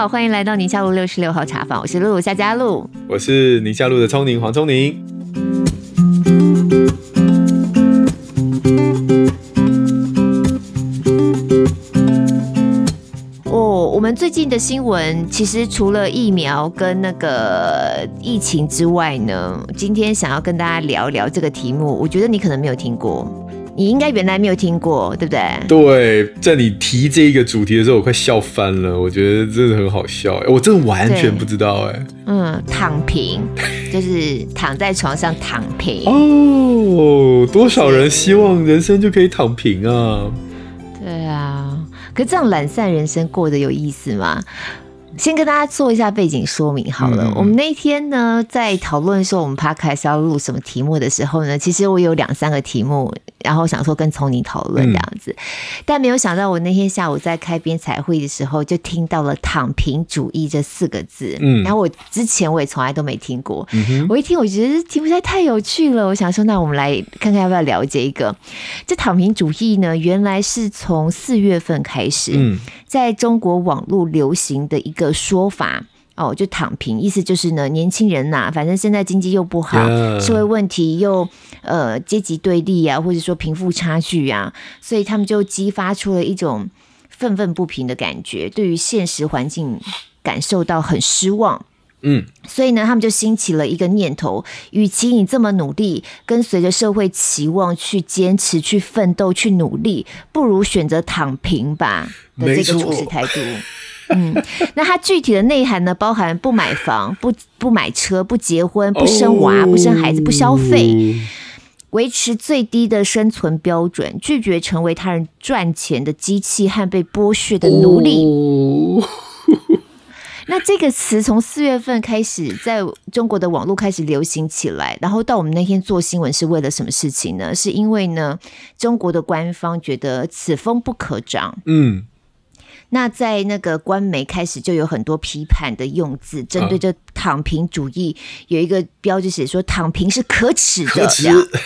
好，歡迎來到寧夏璐六十六號茶坊，我是露露，夏嘉璐，我是寧夏璐的宥寧，黃宥寧。哦，我們最近的新聞其實除了疫苗跟那個疫情之外呢，今天想要跟大家聊一聊這個題目，我覺得你可能沒有聽過。你應該原來沒有聽過，對不對？對，在你提這一個主題的時候，我快笑翻了。我覺得真的很好笑，欸，我真的完全不知道。欸。哎，嗯，躺平 就是躺在床上躺平。哦，多少人希望人生就可以躺平啊？嗯、對啊，可這樣懶散人生過得有意思嗎？先跟大家做一下背景說明好了。好了，我們那天呢，嗯、在討論說我們 podcast 要錄什麼題目的時候呢，其實我有兩三個題目。然後想說跟從你討論這樣子、嗯，但沒有想到我那天下午在開編採會的時候，就聽到了“躺平主義”這四個字。嗯，然後我之前我也從來都沒聽過。嗯哼，我一聽我覺得聽起來太有趣了。我想說，那我們來看看要不要了解一個。這“躺平主義”呢，原來是從四月份開始、嗯，在中國網絡流行的一個說法。哦，就躺平，意思就是呢，年輕人吶、啊，反正現在經濟又不好，yeah. 社會問題又，呃，階級對立啊，或者說貧富差距啊，所以他們就激發出了一種憤憤不平的感覺，對於現實環境感受到很失望。嗯、mm.，所以呢，他們就興起了一個念頭，與其你這麼努力，跟隨着社會期望去堅持、去奮鬥、去努力，不如選擇躺平吧的這個處事態度。 嗯，那它具體的內涵呢？包含不買房、不不買車、不結婚、不生娃、不生孩子、不消費，維持最低的生存標準，拒絕成為他人賺錢的機器和被剝削的奴隸。 那這個詞從四月份開始在中國的網絡開始流行起來，然後到我們那天做新聞是為了什麼事情呢？是因為呢，中國的官方覺得此風不可長。嗯。那在那個官媒，開始就有很多批判的用字，針對這躺平主義，嗯、有一個標誌寫說“躺平是可恥的”可恥。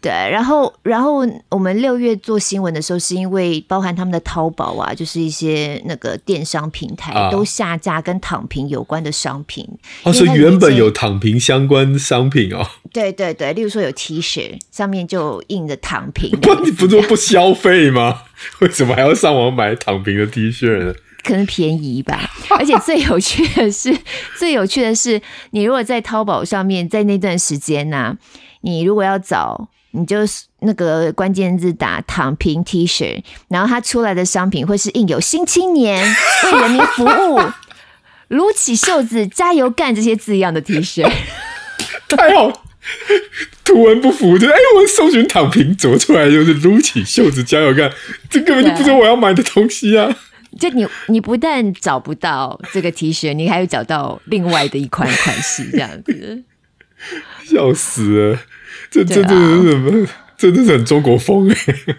對，然後，然後我們六月做新聞的時候，是因為包含他們的淘寶啊，就是一些那個電商平台、啊、都下架跟躺平有關的商品。哦、啊，所以原本有躺平相關商品哦。對對對，例如說有 T 恤，上面就印着“躺平”不。不，你不做不消費嗎？ 為什麼還要上網買躺平的 T 恤呢？可能便宜吧。 而且最有趣的是，最有趣的是，你如果在淘寶上面，在那段時間呢、啊，你如果要找。你就是那個關鍵字打“躺平 T 恤”，然後它出來的商品會是印有“新青年為人民服務”“擼 起袖子加油幹”這些字樣的 T 恤。太好，圖文不符，就哎，呦、欸，我搜尋“躺平”怎麼出來就是“擼起袖子加油幹”，這根本就不是我要買的東西啊！就你，你不但找不到這個 T 恤，你還有找到另外的一款 一款式這樣子，笑死了。這，這，這、這、這、這、這真的很中國風哎，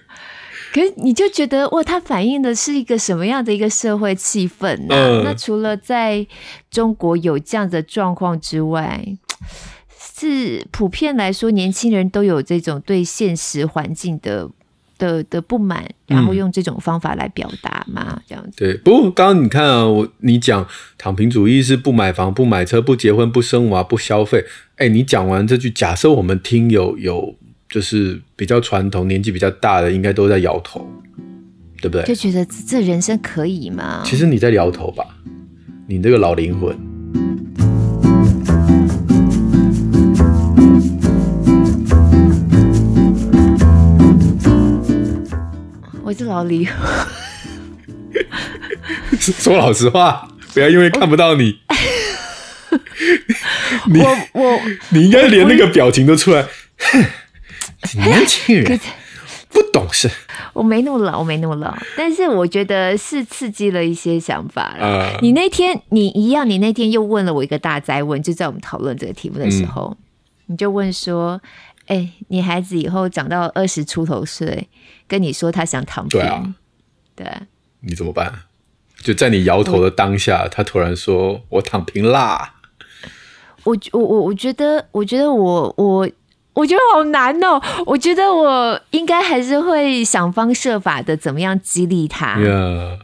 可是你就覺得哇，它反映的是一個什麼樣的一個社會氣氛呢、啊嗯？那除了在中國有這樣的狀況之外，是普遍來說，年輕人都有這種對現實環境的。的的不滿，然後用這種方法來表達嘛，這樣子。對，不過剛剛你看啊，我你講躺平主義是不買房、不買車、不結婚、不生娃、不消費。哎，你講完這句，假設我們聽友有，有就是比較傳統、年紀比較大的，應該都在搖頭，對不對？就覺得這人生可以嗎？其實你在搖頭吧，你這個老靈魂。我是老李。 說老實話，不要因為看不到你。我 你我，我你應該連那個表情都出來。年輕 情人 不懂事。我沒那麼老，我沒那麼老，但是我覺得是刺激了一些想法、呃。你那天你一樣，你那天又問了我一個大哉問，就在我們討論這個題目的時候，嗯、你就問說。哎、欸，你孩子以後長到二十出頭歲，跟你說他想躺平，對啊，對啊，你怎麼辦？就在你搖頭的當下，他突然說：“我躺平啦。”我我我我我覺得，我覺得我我我覺得好難哦。我覺得我應該還是會想方設法的，怎麼樣激勵他？Yeah.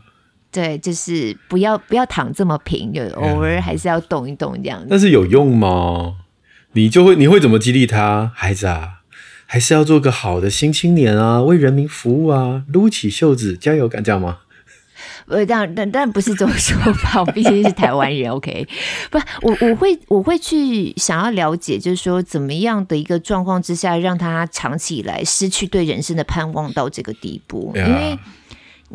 對，就是不要不要躺這麼平，就偶爾還是要動一動這樣子。Yeah. 但是有用嗎？你就會，你會怎麼激勵他，孩子啊？還是要做個好的新青年啊，為人民服務啊，擼起袖子，加油，敢這樣嗎？不，這樣，但但不是這麼說吧？ 我畢竟是台灣人，OK？不，我我會我會去想要了解，就是說，怎麼樣的一個狀況之下，讓他長期以來失去對人生的盼望到這個地步？Yeah. 因為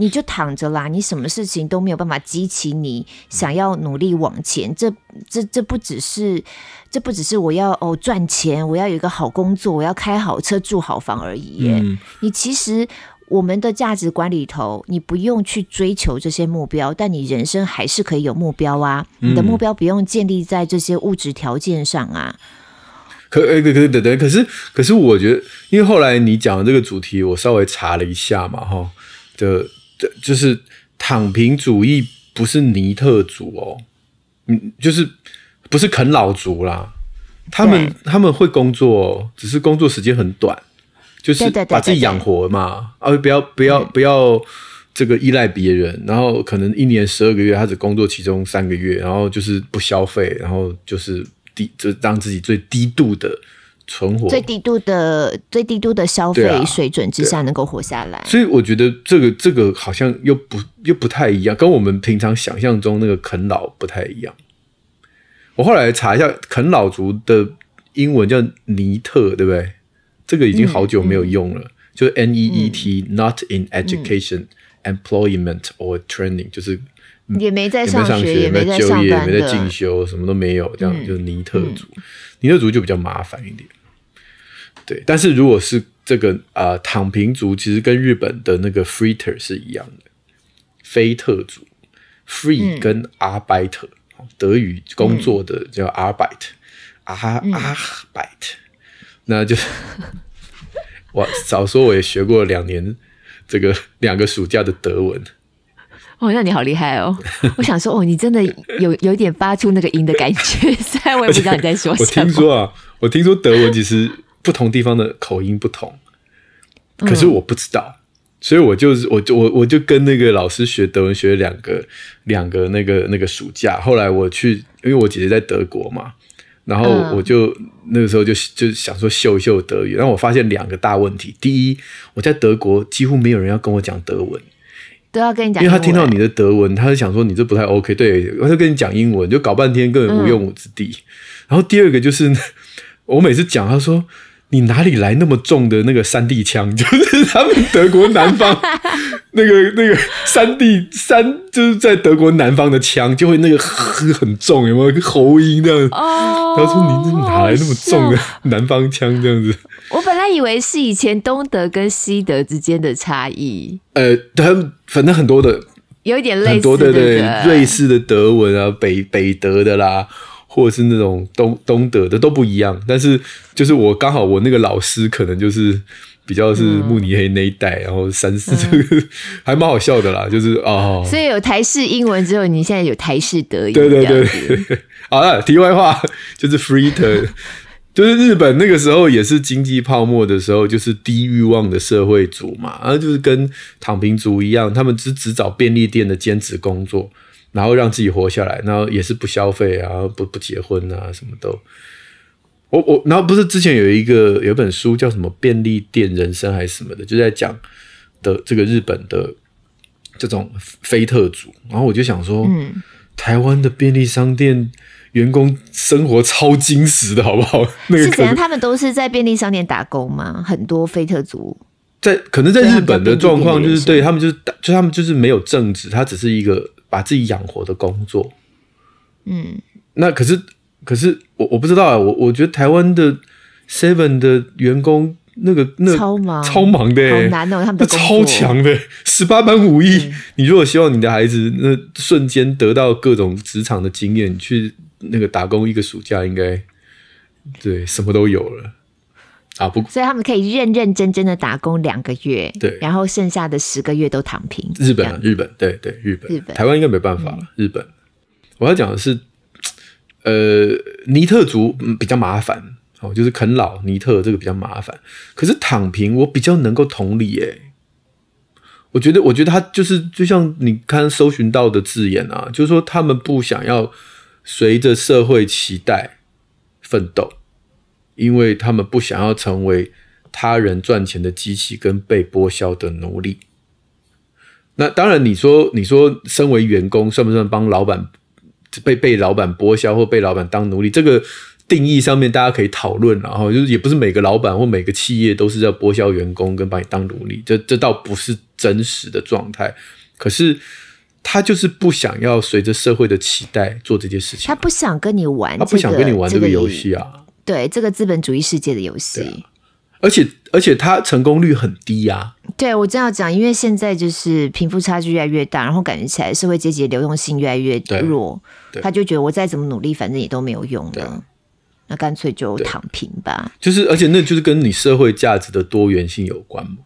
你就躺着啦，你什麼事情都沒有辦法激起你想要努力往前。這這這不只是。這不只是我要哦賺錢，我要有一個好工作，我要開好車住好房而已耶。嗯、你其實我們的價值觀裡頭，你不用去追求這些目標，但你人生還是可以有目標啊。嗯、你的目標不用建立在這些物質條件上啊。可可、欸、可是可是我覺得，因為後來你講的這個主題，我稍微查了一下嘛哈的的，就是躺平主義不是尼特族哦，嗯，就是。不是啃老族啦，他們他們會工作，只是工作時間很短，就是把自己養活嘛，對對對對啊，不要不要不要這個依賴別人，嗯、然後可能一年十二個月，他只工作其中三個月，然後就是不消費，然後就是低，就讓自己最低度的存活，最低度的最低度的消費水準之下能夠活下來。啊，所以我覺得這個這個好像又不又不太一樣，跟我們平常想象中那個啃老不太一樣。我後來查一下，啃老族的英文叫尼特，對不對？這個已經好久沒有用了，嗯、就是 N E E T、嗯、Not in Education,、嗯、Employment or Training，就是也沒,也沒在上學，也沒在就業，也沒在,也沒在進修，什麼都沒有，這樣、嗯、就是、尼特族、嗯。尼特族就比較麻煩一點。對，但是如果是這個啊、呃，躺平族其實跟日本的那個 Freeter 是一樣的，非特族，Free 跟阿拜特。德語工作的、嗯、叫 Arbeit，Ar Arbeit、嗯啊嗯，那就是我早說我也學過兩年這個兩個暑假的德文。哦，那你好厲害哦！ 我想說，哦，你真的有有一點發出那個音的感覺，雖然 我也不知道你在說什麼。我聽說啊，我聽說德文其實不同地方的口音不同，嗯，可是我不知道。所以我就我我我就跟那個老師學德文學兩個兩個那個那個暑假，後來我去，因為我姐姐在德國嘛，然後我就、嗯、那個時候就就想說秀一秀德語，然後我發現兩個大問題：第一，我在德國幾乎沒有人要跟我講德文，都要跟你講英文，因為他聽到你的德文，他就想說你這不太 OK，對，他就跟你講英文，就搞半天根本無用武之地，嗯。然後第二個就是我每次講，他說。你哪裡來那麼重的那個山地腔？ 就是他們德國南方那個 那個山地山，就是在德國南方的腔就會那個很很重，有沒有喉音這樣子？Oh, 他說：“你哪來那麼重的南方腔這樣子？” oh, oh, wow. 我本來以為是以前東德跟西德之間的差異。呃，他們反正很多的，有點類似，的，對， 瑞士的德文啊，北北德的啦。或者是那種東東德的都不一樣，但是就是我剛好我那個老師可能就是比較是慕尼黑那一代，嗯、然後三四、這個嗯，還蠻好笑的啦，就是哦，所以有台式英文之後，你現在有台式德語，對對對對。好了，題外話就是 freeter 就是日本那個時候也是經濟泡沫的時候，就是低欲望的社會主嘛，然、啊、後就是跟躺平族一樣，他們只只找便利店的兼職工作。然後讓自己活下來，然後也是不消費啊，不不結婚啊，什麼都。我我，然後不是之前有一個有一本書叫什麼《便利店人生》還是什麼的，就在講的這個日本的這種飛特族。然後我就想說，嗯，台灣的便利商店員工生活超精實的，好不好？那個，可是可能他們都是在便利商店打工嗎？很多飛特族在可能在日本的狀況就是便利便利對他們就是就他們就是沒有正職，他只是一個。把自己養活的工作，嗯，那可是可是我我不知道啊，我我覺得台灣的 Seven 的員工那個那超忙超忙的欸，好難哦！他們的那超強的十八般武藝，你如果希望你的孩子那瞬間得到各種職場的經驗，你去那個打工一個暑假應，應該對什麼都有了。啊不，所以他們可以認認真真的打工兩個月，對，然後剩下的十個月都躺平。日本啊。日本，日本，對對，日本，日本，台灣應該沒辦法了，嗯。日本，我要講的是，呃，尼特族比較麻煩，哦，就是啃老尼特這個比較麻煩。可是躺平，我比較能夠同理誒、欸。我覺得，我覺得他就是就像你看搜尋到的字眼啊，就是說他們不想要隨着社會期待奮鬥。因為他們不想要成為他人賺錢的機器跟被剝削的奴隸。那當然，你說你說身為員工算不算幫老板被被老板剝削或被老板當奴隸？這個定義上面大家可以討論。然後就是也不是每個老板或每個企業都是要剝削員工跟把你當奴隸，這這倒不是真實的狀態。可是他就是不想要隨着社會的期待做這件事情啊，他不想跟你玩這個，他不想跟你玩這個遊戲啊。對這個資本主義世界的遊戲，啊、而且而且它成功率很低呀、啊。對我正要講，因為現在就是貧富差距越來越大，然後感覺起來社會階級的流動性越來越弱，他、啊、就覺得我再怎麼努力，反正也都沒有用了，那乾脆就躺平吧。就是，而且那就是跟你社會價值的多元性有關嘛。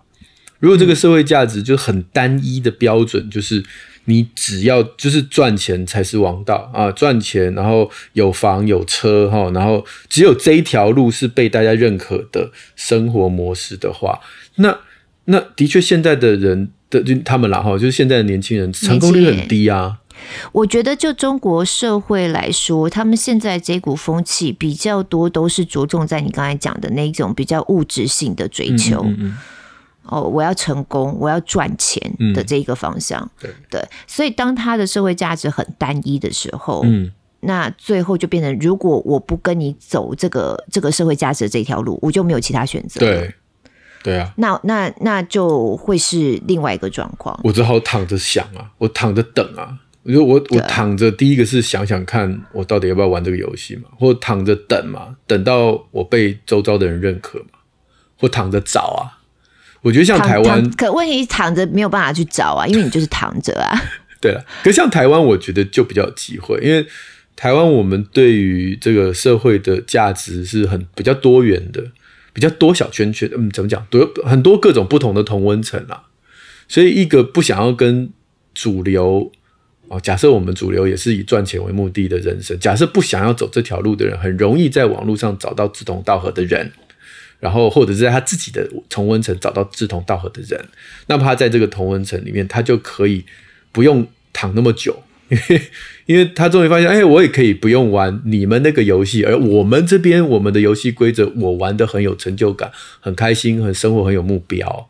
如果這個社會價值就很單一的標準，就是。嗯你只要就是賺錢才是王道啊！賺錢，然後有房有車哈，然後只有這一條路是被大家認可的生活模式的話，那那的確，現在的人的他們了哈，就是現在的年輕人，成功率很低啊。我覺得，就中國社會來說，他們現在這股風氣比較多都是着重在你剛才講的那種比較物質性的追求。嗯嗯嗯哦，我要成功，我要賺錢的這一個方向，嗯，對，對，所以當他的社會價值很單一的時候，嗯，那最後就變成，如果我不跟你走這個這個社會價值的這條路，我就沒有其他選擇。對，對啊，那那那就會是另外一個狀況。我只好躺着想啊，我躺着等啊。我我我躺着，第一個是想想看，我到底要不要玩這個遊戲嘛？或躺着等嘛？等到我被周遭的人認可嘛？或躺着找啊？我覺得像台灣，可問題是躺着沒有辦法去找啊，因為你就是躺着啊。 對了，可是像台灣，我覺得就比較有機會，因為台灣我們對於這個社會的價值是很比較多元的，比較多小圈圈，嗯，怎麼講多很多各種不同的同溫層啊。所以一個不想要跟主流，哦，假設我們主流也是以賺錢為目的的人生，假設不想要走這條路的人，很容易在網絡上找到志同道合的人。然後，或者是在他自己的同溫層找到志同道合的人，那麼他在這個同溫層裡面，他就可以不用躺那麼久，因為因為他終於發現，哎，我也可以不用玩你們那個遊戲，而我們這邊我們的遊戲規則，我玩得很有成就感，很開心，很生活很有目標。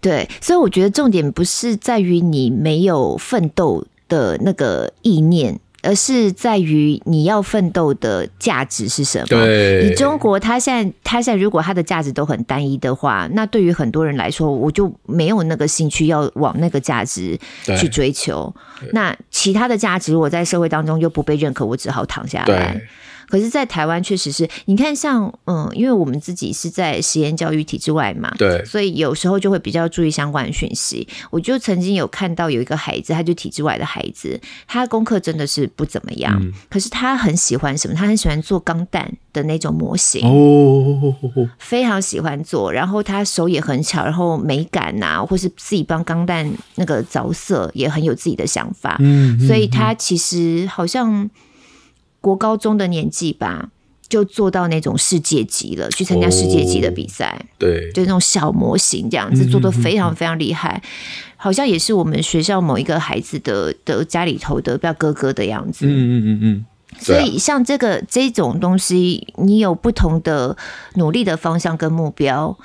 對，所以我覺得重點不是在於你沒有奮鬥的那個意念，而是在於你要奮鬥的價值是什麼？對，你中國，它現在，它現在如果它的價值都很單一的話，那對於很多人來說，我就沒有那個興趣要往那個價值去追求。那其他的價值，我在社會當中又不被認可，我只好躺下來。對可是，在台灣確實是你看像，像嗯，因為我們自己是在實驗教育體制外嘛，對，所以有時候就會比較注意相關訊息。我就曾經有看到有一個孩子，他就體制外的孩子，他功課真的是不怎麼樣、嗯，可是他很喜歡什麼？他很喜歡做鋼彈的那種模型哦，非常喜歡做，然後他手也很巧，然後美感吶、啊，或是自己幫鋼彈那個着色也很有自己的想法，嗯嗯嗯，所以他其實好像。我高中的年紀吧，就做到那種世界級了，去參加世界級的比賽。Oh, 對，就那種小模型這樣子，做的非常非常厲害。Mm -hmm. 好像也是我們學校某一個孩子的的家裡頭的表哥哥的樣子。嗯嗯嗯嗯。所以像這個這種東西，你有不同的努力的方向跟目標。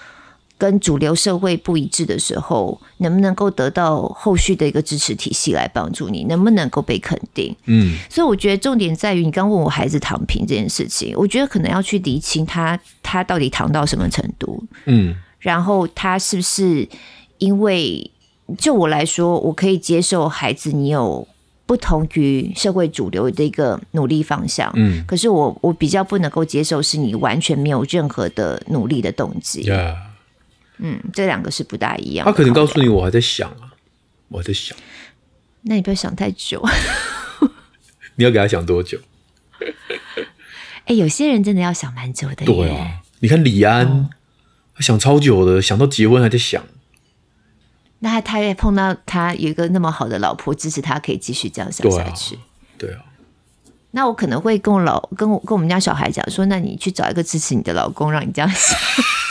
跟主流社會不一致的時候，能不能夠得到後續的一個支持體系來幫助你？能不能夠被肯定？嗯，所以我覺得重點在於你剛問我孩子躺平這件事情，我覺得可能要去釐清他他到底躺到什麼程度，嗯，然後他是不是因為就我來說，我可以接受孩子你有不同於社會主流的一個努力方向，嗯，可是我我比較不能夠接受是你完全沒有任何的努力的動機，嗯嗯，這兩個是不大一樣。他可能告訴你，我還在想啊，我還在想。那你不要想太久。 你要給他想多久？哎、欸，有些人真的要想蠻久的。對啊，你看李安，哦、他想超久的，想到結婚還在想。那他也碰到他有一個那麼好的老婆，支持他可以繼續這樣想下去。對啊。對啊，那我可能會跟我老、跟我跟我，我們家小孩講說：“那你去找一個支持你的老公，讓你這樣想。 ”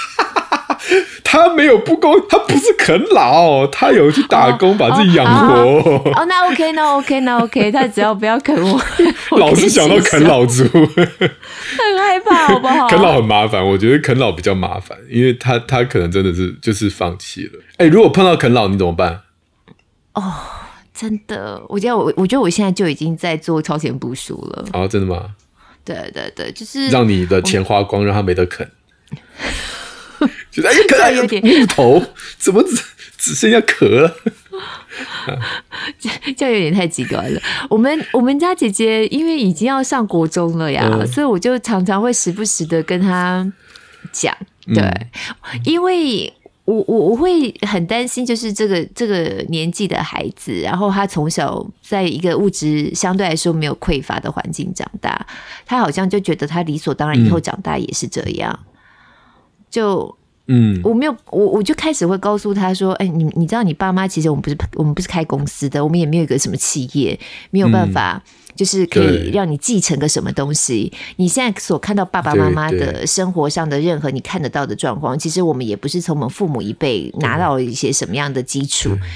他沒有不公，他不是啃老，他有去打工、oh, 把自己養活。哦，那 OK，那 OK，那 OK，他只要不要啃我。 老是想到啃老族 很害怕，好不好？啃老很麻煩，我覺得啃老比較麻煩，因為他他可能真的是就是放棄了。哎、欸，如果碰到啃老，你怎麼辦？哦、oh,，真的，我覺得我我覺得我現在就已經在做超前部署了。哦、啊，真的嗎？對對對，就是讓你的錢花光，讓他沒得啃。就是哎，殼有點木頭，怎麼只只剩下殼了？ 這樣有點太極端了。我們我們家姐姐因為已經要上國中了呀，所以我就常常會時不時的跟她講，對，因為我我我會很擔心，就是這個這個年紀的孩子，然後他從小在一個物質相對來說沒有匱乏的環境長大，他好像就覺得他理所當然，以後長大也是這樣、嗯。就嗯，我沒有我我就開始會告訴他說，哎、欸，你你知道，你爸媽其實我們不是我們不是開公司的，我們也沒有一個什麼企業，沒有辦法，嗯、就是可以讓你繼承個什麼東西。你現在所看到爸爸媽媽的生活上的任何你看得到的狀況，其實我們也不是從我們父母一輩拿到一些什麼樣的基礎。嗯嗯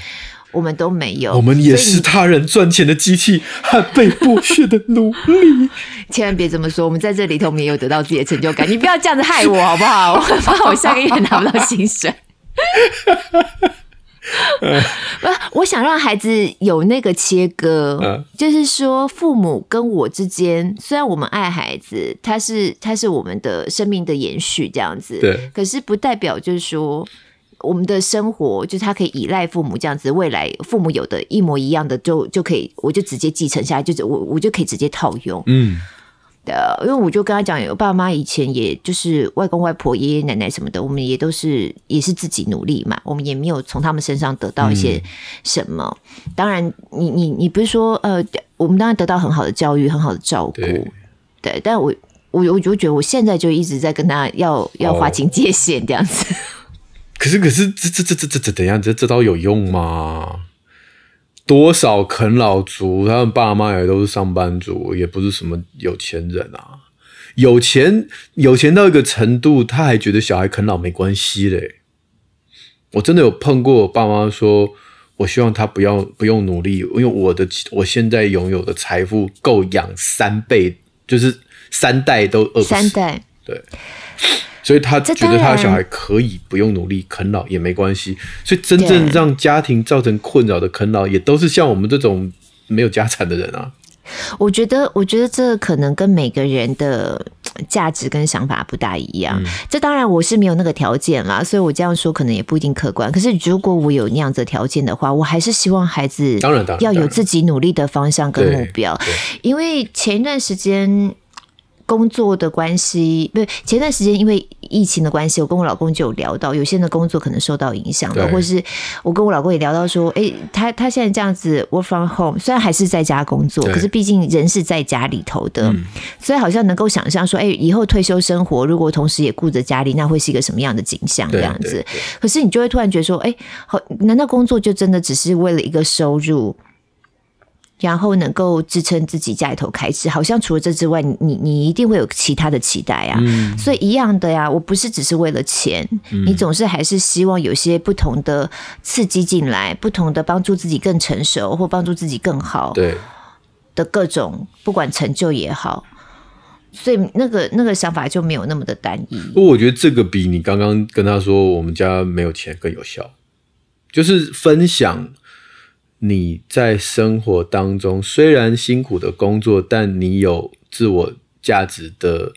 我們都沒有，我們也是他人賺錢的機器和被剝削的奴隸。 千萬別這麼說，我們在這裡頭，也有得到自己的成就感。 你不要這樣子害我好不好？ 我怕我下個月拿不到薪水、 嗯。我想讓孩子有那個切割，嗯、就是說父母跟我之間，雖然我們愛孩子，他是他是我們的生命的延續，這樣子可是不代表就是說。我們的生活就是他可以依賴父母這樣子，未來父母有的一模一樣的就就可以，我就直接繼承下來，就我我就可以直接套用，嗯，對啊，因為我就跟他講，我爸媽以前也就是外公外婆、爺爺奶奶什麼的，我們也都是也是自己努力嘛，我們也沒有從他們身上得到一些什麼。嗯、當然你，你你你不是說呃，我們當然得到很好的教育、很好的照顧，對，但我我我就覺得我現在就一直在跟他要要劃清界限這樣子。哦可是，可是，這這這這這怎樣？這這招有用嗎？多少啃老族，他們爸媽也都是上班族，也不是什麼有錢人啊。有錢，有錢到一個程度，他還覺得小孩啃老沒關係嘞。我真的有碰過我爸媽說，我希望他不要不用努力，因為我的我現在擁有的財富夠養三輩，就是三代都餓，三代。對。所以他覺得他的小孩可以不用努力啃老也沒關係，所以真正讓家庭造成困擾的啃老，也都是像我們這種沒有家產的人啊。我覺得，我覺得這可能跟每個人的價值跟想法不大一樣。這當然我是沒有那個條件啦，所以我這樣說可能也不一定客觀。可是如果我有那樣子的條件的話，我還是希望孩子當然要有自己努力的方向跟目標，因為前一段時間工作的關係，不，前段時間因為疫情的關係，我跟我老公就有聊到，有些人的工作可能受到影響了，或是我跟我老公也聊到說，誒、欸，他他現在這樣子 work from home，雖然還是在家工作，可是畢竟人是在家裡頭的，嗯、所以好像能夠想象說，誒、欸，以後退休生活如果同時也顧着家裡，那會是一個什麼樣的景象這樣子？對對對，可是你就會突然覺得說，誒，好，難道工作就真的只是為了一個收入？然後能夠支撐自己家裡頭開支，好像除了這之外，你你一定會有其他的期待啊、嗯。所以一樣的呀，我不是只是為了錢、嗯，你總是還是希望有些不同的刺激進來，不同的幫助自己更成熟，或幫助自己更好，對的各種不管成就也好。所以那個那個想法就沒有那麼的單一。不過我覺得這個比你剛剛跟他說我們家沒有錢更有效，就是分享。你在生活當中雖然辛苦的工作，但你有自我價值的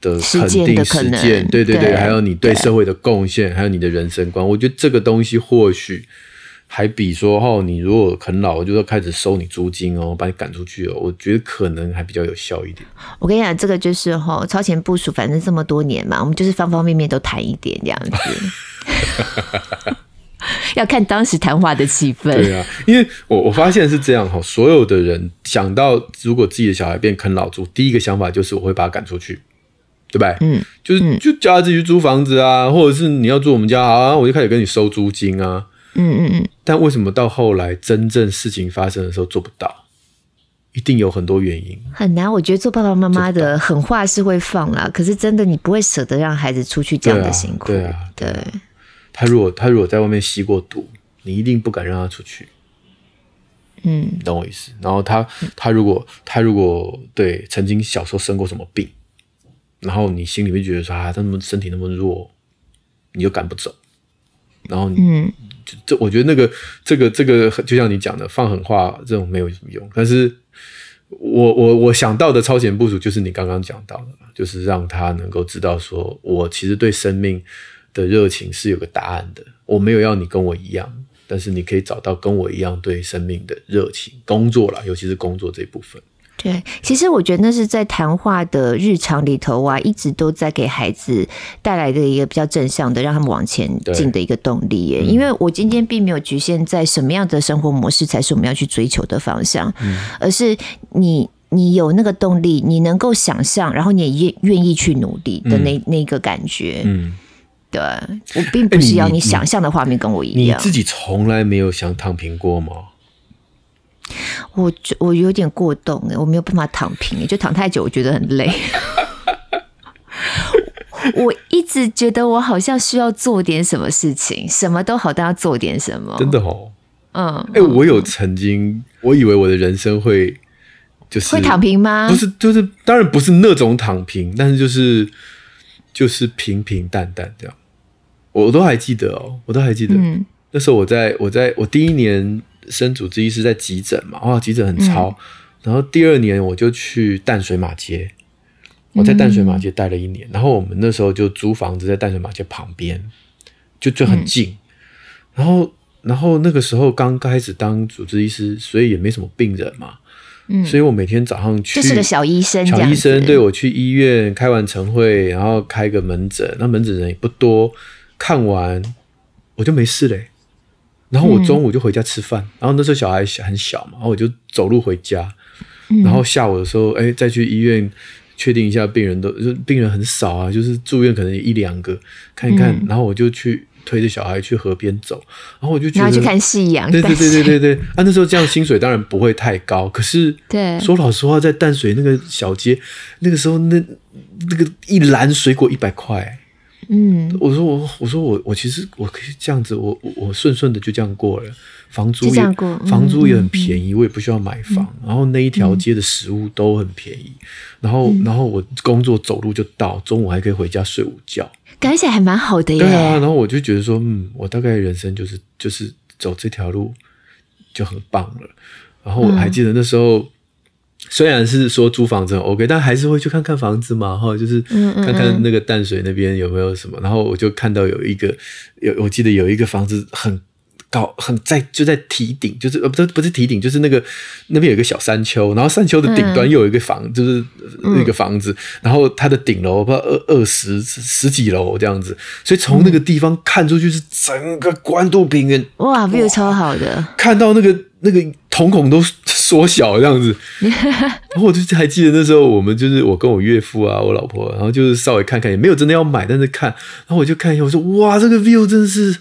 的肯定、實踐，對對對，對，還有你對社會的貢獻，還有你的人生觀，我覺得這個東西或許還比說，吼、哦，你如果啃老，我就說開始收你租金哦，把你趕出去哦，我覺得可能還比較有效一點。我跟你講，這個就是哦，超前部署，反正這麼多年嘛，我們就是方方面面都談一點這樣子。 要看當時談話的氣氛。 對啊，因為我我發現是這樣哈，所有的人想到如果自己的小孩變啃老族，第一個想法就是我會把他趕出去，對吧？嗯，就是就叫他自己租房子啊，或者是你要住我們家啊，我就開始跟你收租金啊。嗯嗯嗯。但為什麼到後來真正事情發生的時候做不到？一定有很多原因。很難，我覺得做爸爸媽媽的狠話是會放啦，可是真的你不會捨得讓孩子出去這樣的辛苦，對啊，對啊，對。他如果他如果在外面吸過毒，你一定不敢讓他出去。嗯，懂我意思。然後他他如果他如果對曾經小時候生過什麼病，然後你心裡面覺得說啊，他怎麼身體那麼弱，你就趕不走。然後嗯，這我覺得那個這個這個就像你講的放狠話這種沒有什麼用。但是我我我想到的超前部署就是你剛剛講到的，就是讓他能夠知道說我其實對生命，的熱情是有個答案的。我沒有要你跟我一樣，但是你可以找到跟我一樣對生命的熱情。工作啦，尤其是工作這一部分。對，其實我覺得那是在談話的日常裡頭啊，嗯、一直都在給孩子帶來的一個比較正向的，讓他們往前進的一個動力。因為我今天並沒有局限在什麼樣的生活模式才是我們要去追求的方向，嗯、而是你你有那個動力，你能夠想象，然後你也願意去努力的那、嗯、那個感覺。嗯。對，我並不是要你想象的畫面跟我一樣。欸、你，你，你，你自己從來沒有想躺平過嗎？我我有點過動哎、欸，我沒有辦法躺平，欸，就躺太久我覺得很累。 我一直覺得我好像需要做點什麼事情，什麼都好，但要做點什麼。真的哦，嗯，哎、欸，我有曾經，我以為我的人生會就是會躺平嗎？不是，就是當然不是那種躺平，但是就是就是平平淡淡這樣。我都還記得哦，我都還記得。嗯、那時候我在我在我第一年升主治醫師在急診嘛，哇，急診很操、嗯。然後第二年我就去淡水馬偕，我在淡水馬偕待了一年。嗯、然後我們那時候就租房子在淡水馬偕旁邊，就就很近。嗯、然後然後那個時候剛開始當主治醫師，所以也沒什麼病人嘛，嗯，所以我每天早上去就是個小醫生，小醫生，對我去醫院開完晨會，然後開個門診，嗯、那門診人也不多。看完我就沒事嘞，欸，然後我中午就回家吃飯，嗯，然後那時候小孩小很小嘛，然後我就走路回家，嗯、然後下午的時候，哎、欸，再去醫院確定一下病人都，病人很少啊，就是住院可能一兩個看一看，嗯，然後我就去推着小孩去河邊走，然後我就覺得，然後去看夕陽，對對對對對對， 啊，那時候這樣薪水當然不會太高，可是對說老實話，在淡水那個小街，那個時候那那個一籃水果一百塊。嗯，我說我我說我我其實我可以這樣子，我我，我順順的就這樣過了，房租也、嗯、房租也很便宜，嗯，我也不需要買房，嗯，然後那一條街的食物都很便宜，嗯，然後然後我工作走路就到，中午還可以回家睡午覺，感覺還蠻好的呀。對啊，然後我就覺得說，嗯，我大概人生就是就是走這條路就很棒了，然後我還記得那時候。嗯雖然是說租房子很 OK，但還是會去看看房子嘛，哈，就是看看那個淡水那邊有沒有什麼嗯嗯。然後我就看到有一個，有，我記得有一個房子很。搞很在就在堤頂，就是呃不不是堤頂，就是那個那邊有一個小山丘，然後山丘的頂端又有一個房、嗯，就是那個房子，嗯、然後它的頂樓不知道二二十十幾樓這樣子，所以從那個地方看出去是整個關渡平原，嗯、哇，哇，view 超好的，看到那個那個瞳孔都縮小這樣子， 然後我就還記得那時候我們就是我跟我岳父啊我老婆，然後就是稍微看看也沒有真的要買，但是看，然後我就看一下我說哇這個 view 真的是。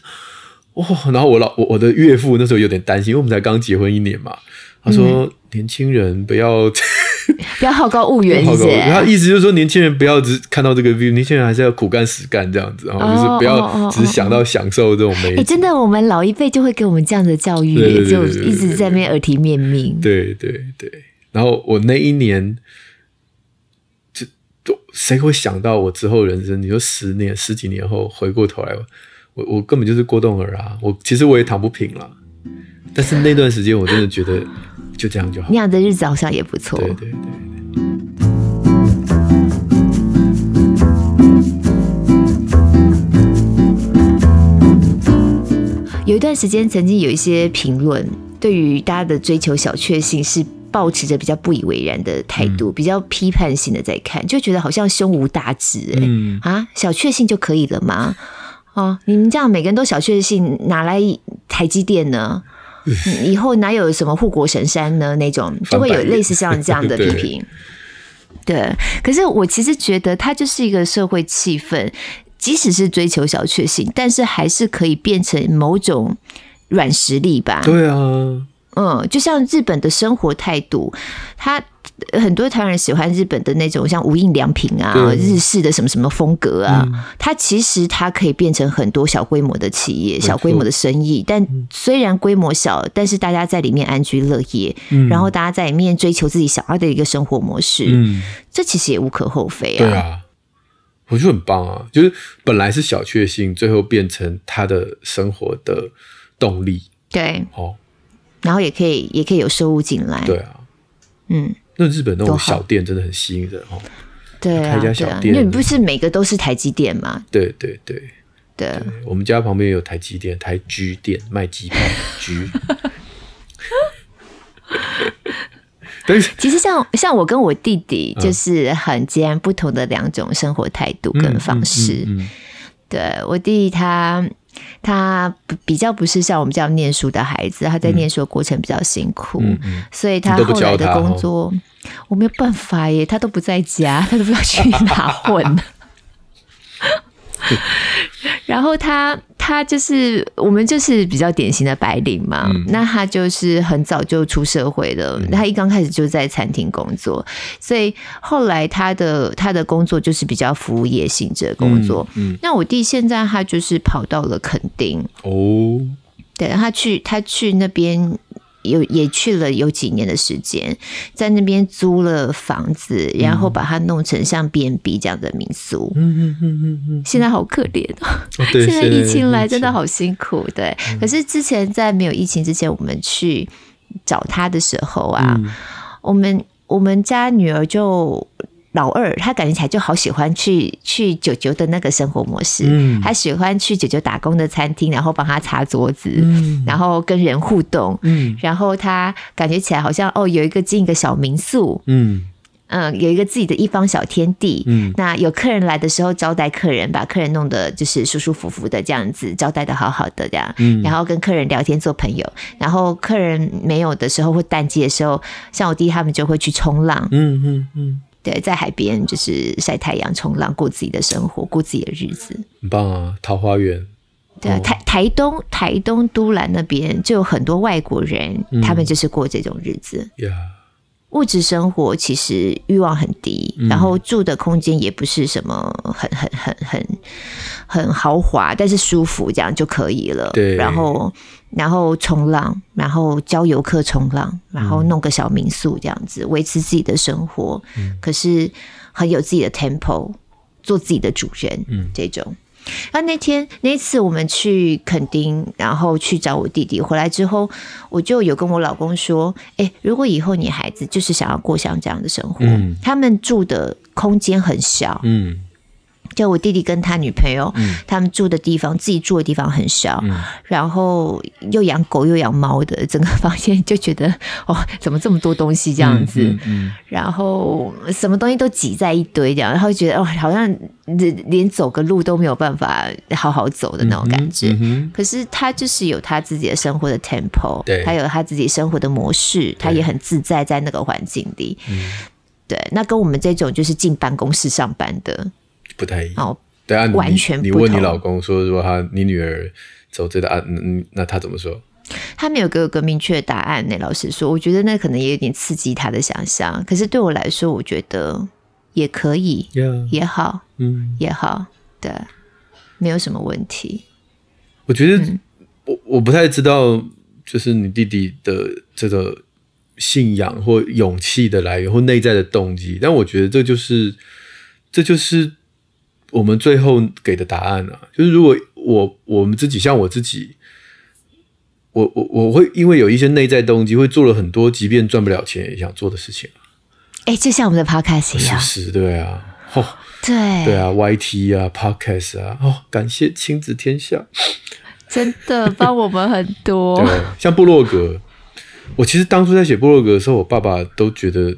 哦、然後我老我我的岳父那時候有點擔心，因為我們才剛結婚一年嘛。他說：“年輕人不要、嗯、 不要好高騖遠一些。是是”他意思就是說，年輕人不要只看到這個 view，年輕人還是要苦幹實幹這樣子，然、哦、就是不要、哦哦、只想到享受這種美。真的，我們老一輩就會給我們這樣的教育，就一直在那耳提面命。對，對對對。然後我那一年，就就誰會想到我之後人生？你說十年、十幾年後回過頭來。我，我根本就是過動兒啊！我其實我也躺不平了，但是那段時間我真的覺得就這樣就好。那樣的日子好像也不錯。對對對對。有一段時間，曾經有一些評論對於大家的追求小確幸是抱持着比較不以為然的態度，嗯、比較批判性的在看，就覺得好像胸無大志哎、欸嗯，啊，小確幸就可以了嗎？哦，你們這樣每個人都小確幸，哪來台積電呢？以後哪有什麼護國神山呢？ 那種就會有類似像這樣的批評。 對，可是我其實覺得，它就是一個社會氣氛，即使是追求小確幸，但是還是可以變成某種軟實力吧？對啊。嗯，就像日本的生活態度，他很多台灣人喜歡日本的那種像無印良品啊，日式的什麼什麼風格啊、嗯，它其實它可以變成很多小規模的企業、啊、小規模的生意。但雖然規模小、嗯，但是大家在裡面安居樂業、嗯，然後大家在裡面追求自己想要的一個生活模式，嗯，這其實也無可厚非啊。對啊，我覺得很棒啊，就是本來是小確幸，最後變成他的生活的動力。對。哦。然後也可以，也可以有收入進來。對啊，嗯，那日本那種小店真的很吸引人哦。對、啊、開家小店，因為、啊、你不是每個都是台積電嘛。對對對對，對，對，我們家旁邊有台積電、台 G 店賣雞排居 其實像像我跟我弟弟，嗯、就是很截然不同的兩種生活態度跟方式。嗯嗯嗯嗯、對我弟弟他。他比較不是像我們這樣念書的孩子，他在念書的過程比較辛苦，嗯嗯、所以他後來的工作，哦、我沒有辦法耶，他都不在家，他都不知道去哪混。 然後他他就是我們就是比較典型的白領嘛，嗯、那他就是很早就出社會了，嗯，他一剛開始就在餐廳工作，所以後來他的他的工作就是比較服務業性質的工作嗯。嗯，那我弟現在他就是跑到了墾丁哦，對，他去他去那邊。有也去了有幾年的時間，在那邊租了房子，然後把它弄成像 B&B 這樣的民宿。嗯嗯嗯嗯嗯、現在好可憐哦，哦！現在疫情，現在疫情來真的好辛苦。對、嗯，可是之前在沒有疫情之前，我們去找他的時候啊，嗯、我們我們家女兒就。老二他感覺起來就好喜歡去去九九的那個生活模式，嗯，他喜歡去九九打工的餐廳，然後幫他擦桌子、嗯，然後跟人互動，嗯，然後他感覺起來好像哦，有一個進一個小民宿，嗯嗯，有一個自己的一方小天地。嗯、那有客人來的時候，招待客人，把客人弄得就是舒舒服服的這樣子，招待得好好的這樣、嗯，然後跟客人聊天做朋友。然後客人沒有的時候，或淡季的時候，像我弟他們就會去衝浪，嗯嗯嗯。嗯對，在海邊就是曬太陽、衝浪，過自己的生活，過自己的日子，很棒啊！桃花源，對，台台東、台東都蘭那邊就有很多外國人、嗯，他們就是過這種日子。呀、嗯，物質生活其實慾望很低、嗯，然後住的空間也不是什麼很很很很很豪華，但是舒服這樣就可以了。對，然後。然後衝浪，然後教遊客衝浪，然後弄個小民宿這樣子維持自己的生活。嗯。可是很有自己的 tempo，做自己的主人。嗯，這種。那天那次我們去墾丁，然後去找我弟弟，回來之後我就有跟我老公說，欸：“如果以後你孩子就是想要過像這樣的生活，嗯，他們住的空間很小。”嗯。就我弟弟跟他女朋友、嗯，他們住的地方，自己住的地方很小，嗯，然後又養狗又養貓的，整個房間就覺得哦，怎麼這麼多東西這樣子，嗯嗯嗯、然後什麼東西都擠在一堆這樣，然後就覺得哦，好像連走個路都沒有辦法好好走的那種感覺，嗯嗯嗯嗯。可是他就是有他自己的生活的 tempo，對，他有他自己生活的模式，他也很自在在那個環境裡。對，對對，那跟我們這種就是進辦公室上班的。不太一樣哦，對啊，完全你。你問你老公說，如果他你女兒走這個啊、嗯，那他怎麼說？他沒有給我個明確的答案呢、欸。老實說，我覺得那可能也有點刺激他的想象。可是對我來說，我覺得也可以，Yeah, 也好，嗯也好，也好，對，沒有什麼問題。我覺得我、嗯、我不太知道，就是你弟弟的這個信仰或勇氣的來源或內在的動機。但我覺得這就是，這就是。我們最後給的答案呢、啊，就是如果我我們自己像我自己，我我我會因為有一些內在動機，會做了很多即便賺不了錢也想做的事情。哎、欸，就像我們的 podcast 一、啊、樣，是對啊哦，對對啊，YT 啊，podcast 啊，哦，感謝親子天下，真的幫我們很多。 對、啊，像部落格，我其實當初在寫部落格的時候，我爸爸都覺得，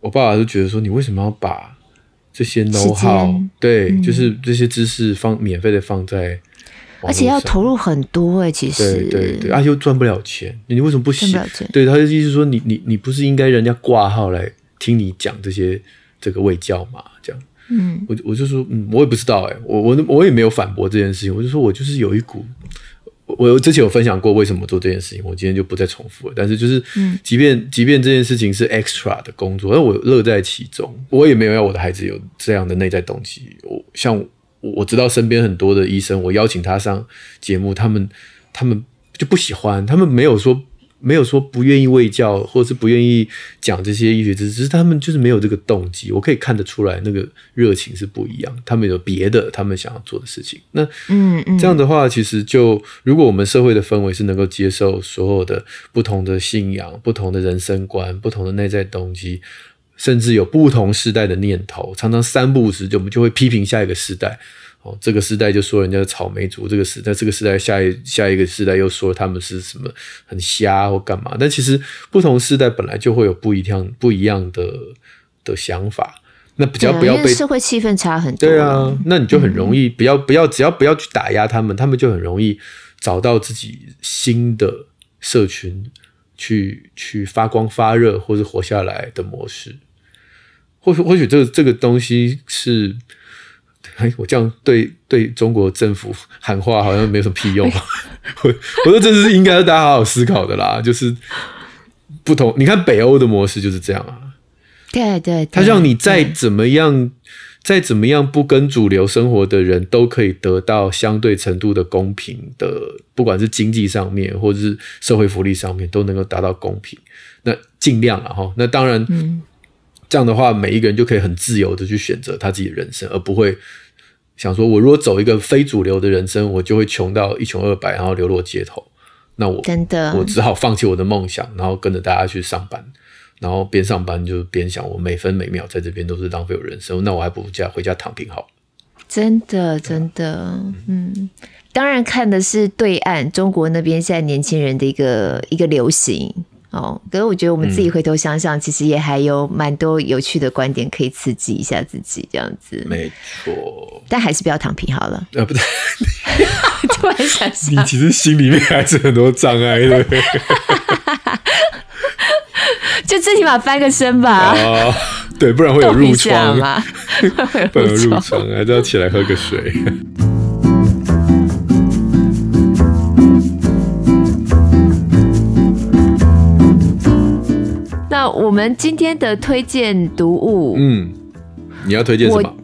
我爸爸都覺得說，你為什麼要把？這些 know-how，對、嗯，就是這些知識放免費的放在，而且要投入很多哎、欸，其實對對對，且、啊、又賺不了錢，你為什麼不寫？對，他就意思說你你你不是應該人家掛號來聽你講這些這個衛教嘛？這樣，嗯，我我就說嗯，我也不知道哎、欸，我我我也沒有反駁這件事情，我就說我就是有一股。我之前有分享過為什麼做這件事情，我今天就不再重複了。但是就是，即便即便這件事情是 extra 的工作，那我樂在其中。我也沒有要我的孩子有這樣的內在動機。我像我知道身邊很多的醫生，我邀請他上節目，他們他們就不喜歡，他們沒有說。沒有說不願意衛教，或者是不願意講這些醫學知識，只是他們就是沒有這個動機。我可以看得出來，那個熱情是不一樣。他們有別的，他們想要做的事情。那這樣的話，嗯嗯、其實就如果我們社會的氛圍是能夠接受所有的不同的信仰、不同的人生觀、不同的內在動機。甚至有不同世代的念頭，常常三不五時就我們就會批評下一個世代，哦，這個世代就說人家草莓族，這個世代，這個世代，下一下一個世代又說他們是什麼很瞎或幹嘛。但其實不同世代本來就會有不一樣不一樣的的想法，那比較不要被對啊，社會氣氛差很多。對啊，那你就很容易嗯嗯不要不要只要不要去打壓他們，他們就很容易找到自己新的社群去去發光發熱或是活下來的模式。或或許這個、這個東西是，哎、欸，我這樣對對中國政府喊話好像沒有什麼屁用。 我我覺得這是應該大家好好思考的啦。就是不同，你看北歐的模式就是這樣啊。對對，他讓你再怎麼樣，再怎麼樣不跟主流生活的人都可以得到相對程度的公平的，不管是經濟上面或者是社會福利上面都能夠達到公平。那盡量了哈。那當然，嗯這樣的話，每一個人就可以很自由地去選擇他自己的人生，而不會想說，我如果走一個非主流的人生，我就會窮到一窮二白，然後流落街頭。那我真的，我只好放棄我的夢想，然後跟着大家去上班，然後邊上班就邊想我，我每分每秒在這邊都是浪費我人生，那我還不如家回家躺平好。真的，真的，嗯，當然看的是對岸中國那邊現在年輕人的一個一個流行。哦、可是我覺得我們自己回頭想想，嗯、其實也還有蠻多有趣的觀點可以刺激一下自己，這樣子。沒錯，但還是不要躺平好了。啊，不對， 你其實心裡面還是很多障礙的。 就最起碼翻個身吧、哦。對，不然會有褥瘡嘛。嗎？不會有褥瘡， 褥瘡還是要起來喝個水。我們今天的推薦讀物，嗯，你要推薦什麼？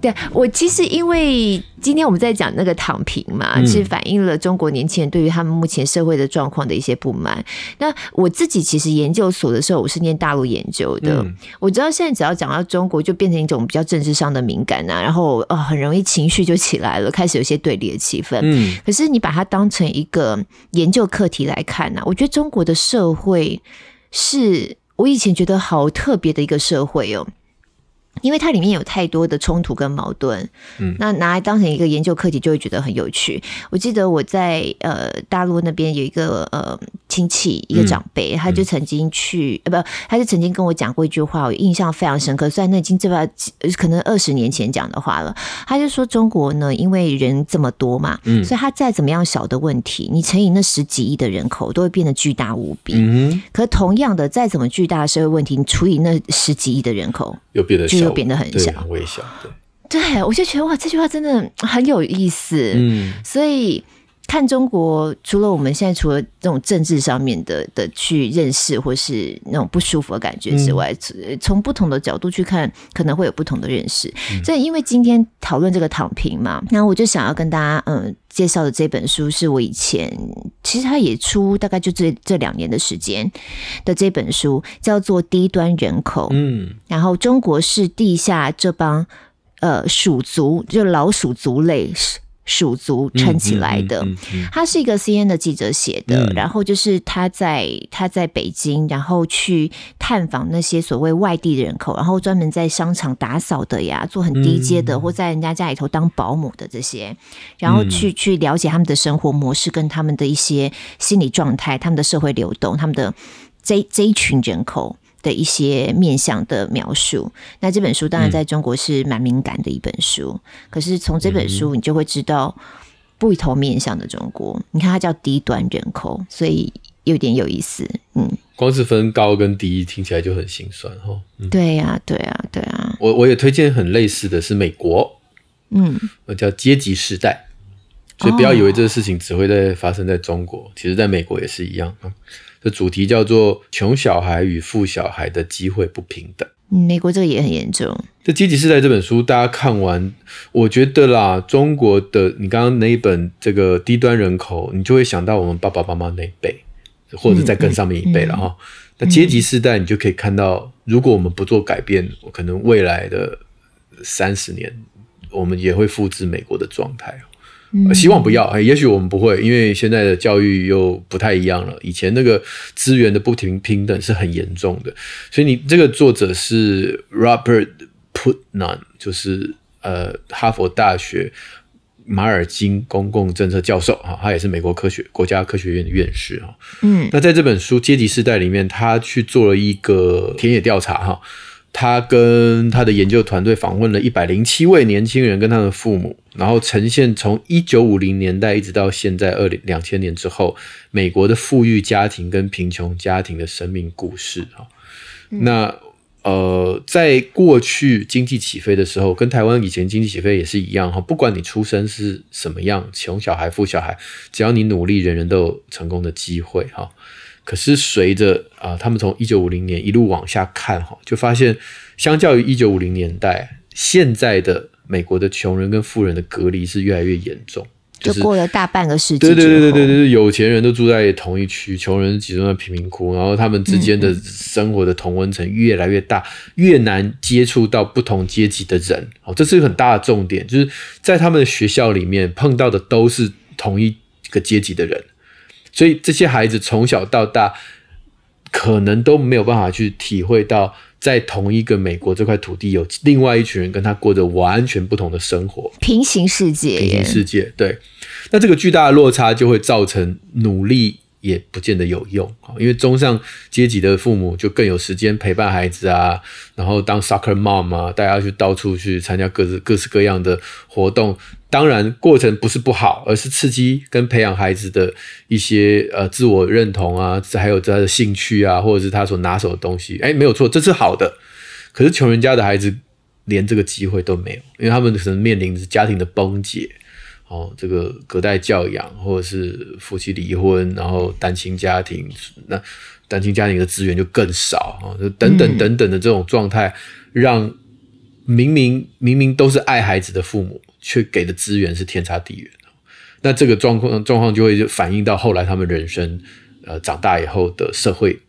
對，我其實因為今天我們在講那個躺平嘛，嗯，其實反映了中國年輕人對於他們目前社會的狀況的一些不滿。那我自己其實研究所的時候，我是念大陸研究的。嗯，我知道現在只要講到中國，就變成一種比較政治上的敏感吶，然後呃，很容易情緒就起來了，開始有些對立的氣氛。嗯，可是你把它當成一個研究課題來看吶，我覺得中國的社會是。我以前覺得好特別的一個社會哦。因為它裡面有太多的衝突跟矛盾，嗯，那拿來當成一個研究課題就會覺得很有趣。我記得我在呃大陸那邊有一個呃親戚，一個長輩、嗯，他就曾經去，呃、嗯，不，他就曾經跟我講過一句話，我印象非常深刻。嗯、雖然那已經這把可能二十年前講的話了，他就說中國呢，因為人這麼多嘛，嗯，所以他再怎麼樣小的問題，你乘以那十幾億的人口，都會變得巨大無比。嗯，可是同樣的，再怎麼巨大的社會問題，你除以那十幾億的人口，又變得小就變得很小，我也對，對，我就覺得哇，這句話真的很有意思。嗯，所以。看中國，除了我們現在除了那種政治上面的的去認識，或是那種不舒服的感覺之外，從、嗯、不同的角度去看，可能會有不同的認識。所、嗯、以，因為今天討論這個躺平嘛，那我就想要跟大家嗯介紹的這本書，是我以前其實它也出大概就這這兩年的時間的這本書，叫做《低端人口》。嗯，然後中國是地下這幫呃鼠族，就老鼠族類。鼠族撐起來的，嗯嗯嗯嗯，他是一個 C N 的記者寫的，嗯，然後就是他在他在北京，然後去探訪那些所謂外地的人口，然後專門在商場打掃的呀，做很低階的，嗯，或在人家家裡頭當保姆的這些，然後去去了解他們的生活模式，跟他們的一些心理狀態，他們的社會流動，他們的這這一群人口。的一些面向的描述，那這本書當然在中國是蠻敏感的一本書，嗯、可是從這本書你就會知道不同面向的中國，嗯，你看它叫低端人口，所以有點有意思。嗯，光是分高跟低聽起來就很心酸對呀，嗯，對呀，啊，對呀，啊啊。我我也推薦很類似的是美國，嗯，叫《階級世代》，所以不要以為這個事情只會在發生在中國，哦，其實在美國也是一樣的主題叫做“窮小孩與富小孩的機會不平等”嗯。美國這個也很嚴重。這《階級世代》這本書，大家看完，我覺得啦，中國的你剛剛那一本這個低端人口，你就會想到我們爸爸媽媽那一輩，嗯、或者再跟上面一輩了、嗯、哈、嗯。那階級世代，你就可以看到，如果我們不做改變，嗯、可能未來的三十年，我們也會複製美國的狀態。希望不要，也許我們不會，因為現在的教育又不太一樣了。以前那個資源的不平平等是很嚴重的，所以你這個作者是 Robert Putnam，就是呃哈佛大學馬爾金公共政策教授哈，他也是美國科學國家科學院的院士哈，嗯，那在這本書《階級世代》裡面，他去做了一個田野調查哈。他跟他的研究團隊訪問了一百零七位年輕人跟他的父母，然後呈現從一九五零年代一直到現在二零兩千年之後，美國的富裕家庭跟貧窮家庭的生命故事哈。嗯，那呃，在過去經濟起飛的時候，跟台灣以前經濟起飛也是一樣哈，不管你出生是什麼樣，窮小孩、富小孩，只要你努力，人人都有成功的機會哈。可是隨着啊，他們從一九五零年，一路往下看，哈，就發現，相較於一九五零年代，現在的美國的窮人跟富人的隔離是越來越嚴重，就是。就過了大半個世紀，對對對對對，有錢人都住在同一區，窮人集中在貧民窟，然後他們之間的生活的同溫層越來越大，嗯，越難接觸到不同階級的人。哦，這是一個很大的重點，就是在他們的學校裡面碰到的都是同一個階級的人。所以這些孩子從小到大，可能都沒有辦法去體會到，在同一個美國這塊土地有另外一群人跟他過着完全不同的生活，平行世界，平行世界。對，那這個巨大的落差就會造成努力。也不見得有用啊，因為中上階級的父母就更有時間陪伴孩子啊，然後當 soccer mom 啊，大家去到處去參加各式各式各樣的活動。當然，過程不是不好，而是刺激跟培養孩子的一些呃自我認同啊，還有他的興趣啊，或者是他所拿手的東西。哎，沒有錯，這是好的。可是窮人家的孩子連這個機會都沒有，因為他們可能面臨着家庭的崩解。哦，這個隔代教養，或者是夫妻離婚，然後單親家庭，那單親家庭的資源就更少啊、哦，就等等等等的這種狀態，讓明明明明都是愛孩子的父母，卻給的資源是天差地遠、哦。那這個狀況狀況就會就反映到後來他們人生，呃，長大以後的社會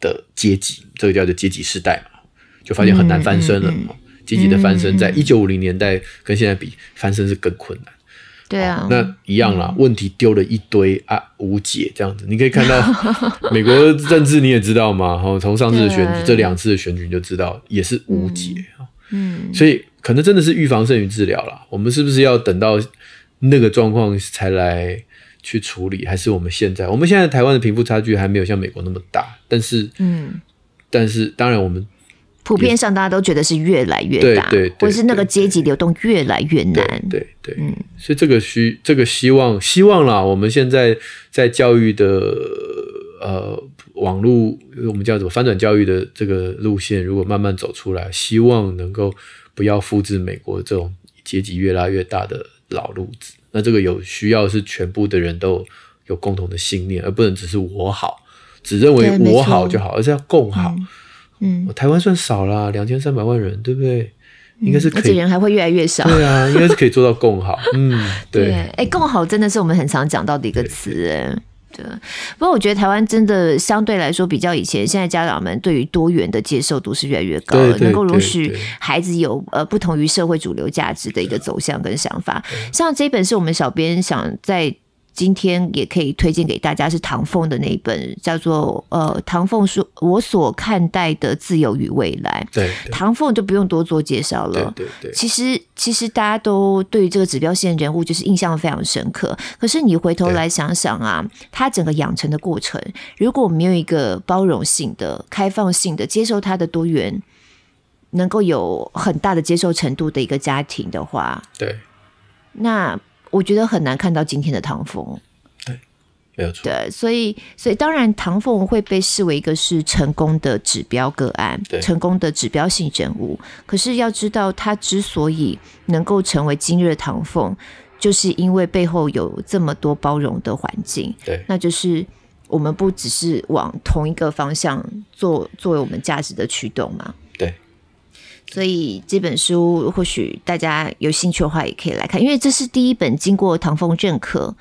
的階級，這個叫做階級世代嘛，就發現很難翻身了。嗯嗯嗯嗯嗯嗯嗯嗯哦、階級的翻身，在一九五零年代跟現在比，翻身是更困難。對啊、哦，那一樣啦。嗯、問題丟了一堆啊，無解這樣子。你可以看到 美國政治，你也知道嘛？哈、哦，從上次的選舉，這兩次的選舉，的選舉你就知道，也是無解啊，嗯。嗯，所以可能真的是預防勝於治療了。我們是不是要等到那個狀況才來去處理，還是我們現在？我們現在台灣的貧富差距還沒有像美國那麼大，但是，嗯，但是當然我們。普遍上，大家都覺得是越來越大，對對對，或者是那個階級流動越來越難。對對，對，對，對、嗯，所以這個需這個希望希望啦，我們現在在教育的呃網絡，我們叫做翻轉教育的這個路線，如果慢慢走出來，希望能夠不要複製美國這種階級越拉越大的老路子。那這個有需要是全部的人都有共同的信念，而不能只是我好，只認為我好就好，而是要共好。嗯嗯，台灣算少啦，兩千三百萬人，對不對？應該是可以、嗯，而且人還會越來越少。對啊，應該是可以做到更好。 嗯，對，哎、欸，更好真的是我們很常講到的一個詞、欸。誒，對,對。不過我覺得台灣真的相對來說比較以前，現在家長們對於多元的接受度是越來越高了，對對對對對能夠容許孩子有呃不同於社會主流價值的一個走向跟想法。對對對對像這一本是我們小編想在。今天也可以推薦給大家，是唐鳳的那一本，叫做《呃唐鳳說我所看待的自由與未來》。對，唐鳳就不用多做介紹了。對對對，其實其實大家都對於這個指標性人物就是印象非常深刻。可是你回頭來想想啊，他整個養成的過程，如果沒有一個包容性的、開放性的、接受他的多元，能夠有很大的接受程度的一個家庭的話，對，那。我覺得很難看到今天的唐鳳，對，沒有錯。對，所以，所以當然，唐鳳會被視為一個是成功的指標個案，成功的指標性人物。可是要知道，他之所以能夠成為今日的唐鳳，就是因為背後有這麼多包容的環境。對，那就是我們不只是往同一個方向做，作為我們價值的驅動嘛。所以這本書或許大家有興趣的話，也可以來看，因為這是第一本經過唐鳳認可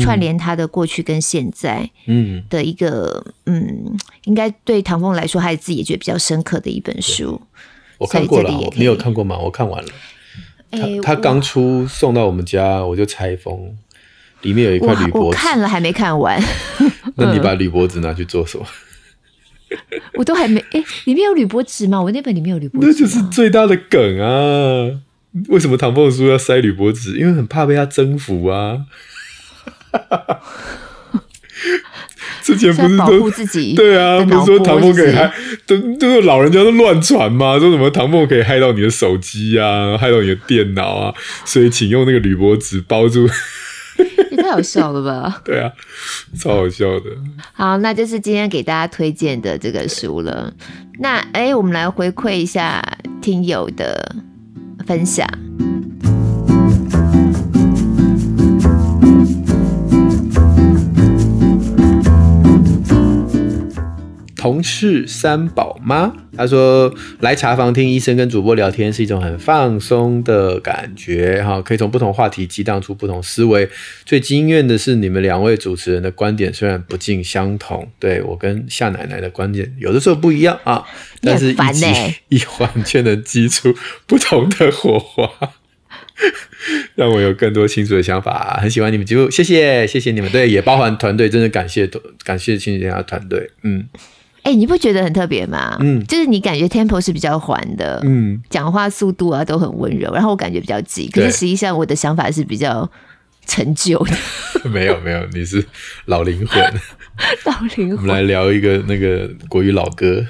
串聯他的過去跟現在，嗯，的一個嗯，應該對唐鳳來說，還是自己也覺得比較深刻的一本書。我看過了，你有看過嗎？我看完了。他剛、欸、出送到我們家，我就拆封，裡面有一塊鋁箔紙，我我看了還沒看完。 那你把鋁箔紙拿去做什麼？我都還沒哎，裡、欸、面有鋁箔紙嗎？我那本裡面沒有鋁箔紙，那就是最大的梗啊！為什麼唐鳳的書要塞鋁箔紙？因為很怕被他徵服啊！ 之前不是都保護自己？對啊，不是說唐鳳可以害？都都是就就老人家都亂傳嘛？說什麼唐鳳可以害到你的手機啊，害到你的電腦啊？所以請用那個鋁箔紙包住。 也太好笑了吧！對啊，超好笑的。 好，那就是今天給大家推薦的這個書了。 那哎、欸，我們來回饋一下聽友的分享。同事三寶媽。他說：“來茶坊聽醫生跟主播聊天是一種很放鬆的感覺，哈，可以從不同話題激盪出不同思維。最驚艷的是你們兩位主持人的觀點雖然不盡相同，對我跟夏奶奶的觀點有的時候不一樣啊，但是一環、欸、一環卻能激出不同的火花，讓我有更多清楚的想法。很喜歡你們節目，謝謝謝謝你們，對，也包含團隊，真的感謝，感謝秦姐家團隊，嗯。”哎、欸，你不覺得很特別嗎？嗯，就是你感覺 tempo 是比較緩的，嗯，講話速度啊都很溫柔，然後我感覺比較急，可是實際上我的想法是比較陳舊的。 沒有沒有，你是老靈魂。 老靈魂，我們來聊一個那個國語老歌。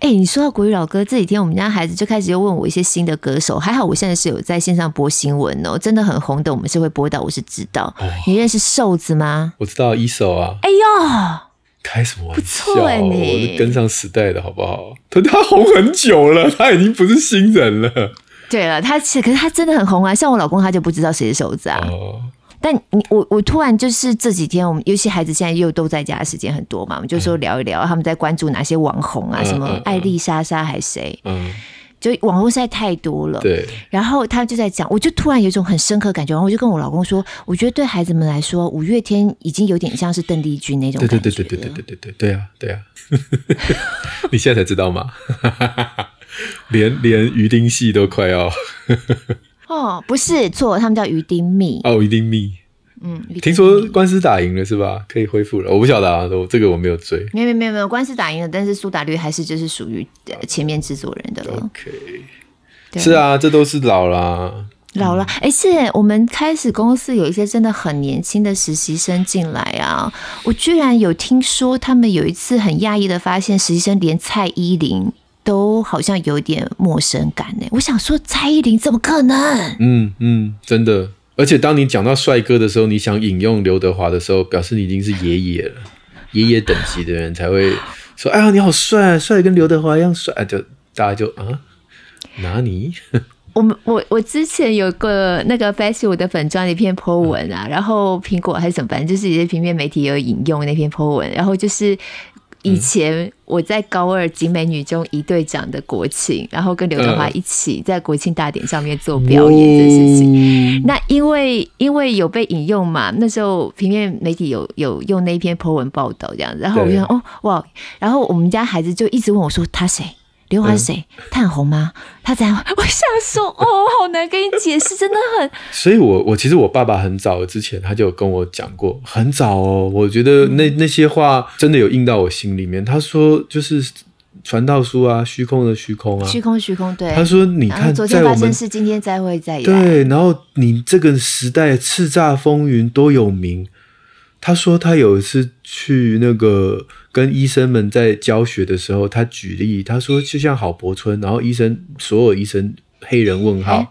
哎、欸，你說到國語老歌，這幾天我們家孩子就開始又問我一些新的歌手，還好我現在是有在線上播新聞哦、喔，真的很紅的，我們是會播到，我是知道。哦、你認識瘦子嗎？我知道一瘦、E-so、啊。哎呦。開什麼玩笑！我、欸、跟上時代的，好不好？他他紅很久了，他已經不是新人了。 對了，他是，可是他真的很紅啊。像我老公，他就不知道誰是手子啊。哦、但你我我突然就是這幾天，我們尤其孩子現在又都在家，時間很多嘛，我們就說聊一聊、嗯，他們在關注哪些網紅啊，嗯嗯嗯什麼愛莉莎莎還是誰？嗯。就網絡實在太多了，對。然後他就在講，我就突然有一種很深刻感覺，然後我就跟我老公說，我覺得對孩子們來說，五月天已經有點像是鄧麗君那種感覺，對對對對對對對對對對啊對啊！對啊 你現在才知道嗎？ 連連魚丁戲都快要 ，哦，不是，錯，他們叫魚丁蜜哦，魚丁蜜。嗯，聽說官司打贏了、嗯、是吧？可以恢復了？我不曉得啊我，這個我沒有追，沒有沒有沒有，官司打贏了，但是蘇打綠還是就是屬於前面制作人的了。OK，是啊，這都是老啦，老了。哎、欸，是我們開始公司有一些真的很年輕的實習生進來啊，我居然有聽說他們有一次很訝異的發現，實習生連蔡依林都好像有點陌生感呢。我想說，蔡依林怎麼可能？嗯嗯，真的。而且當你講到帥哥的時候，你想引用劉德華的時候，表示你已經是爺爺了。爺 爺等級的人才會說：“ 哎呀，你好帥，帥的跟劉德華一樣帥。”啊，就大家就啊，哪裡？ 我們我我之前有個那個《Fashion》的粉裝的一篇 po 文啊，嗯、然後蘋果還是什麼，反正就是一些平面媒體有引用那篇 po 文，然後就是。以前我在高二景美女中一隊長的國慶，然後跟劉德華一起在國慶大典上面做表演的事情，嗯。那因為因為有被引用嘛，那時候平面媒體有有用那一篇 po 文報道這樣，然後我就想哦哇，然後我們家孩子就一直問我說他誰？硫磺水，嗯、她很紅嗎？他在，我想說，哦，好難跟你解釋，真的很。所以我，我我其實我爸爸很早之前他就有跟我講過，很早哦。我覺得那、嗯、那些話真的有印到我心裡面。他說，就是傳道書啊，虛空的虛空啊，虛空虛空。對。他說，你看、嗯，昨天發生的事，今天再會再演。對。然後你這個時代叱咤風雲多有名？他說他有一次去那個。跟醫生們在教學的時候，他舉例，他說就像郝柏村，然後醫生所有醫生黑人問號、欸、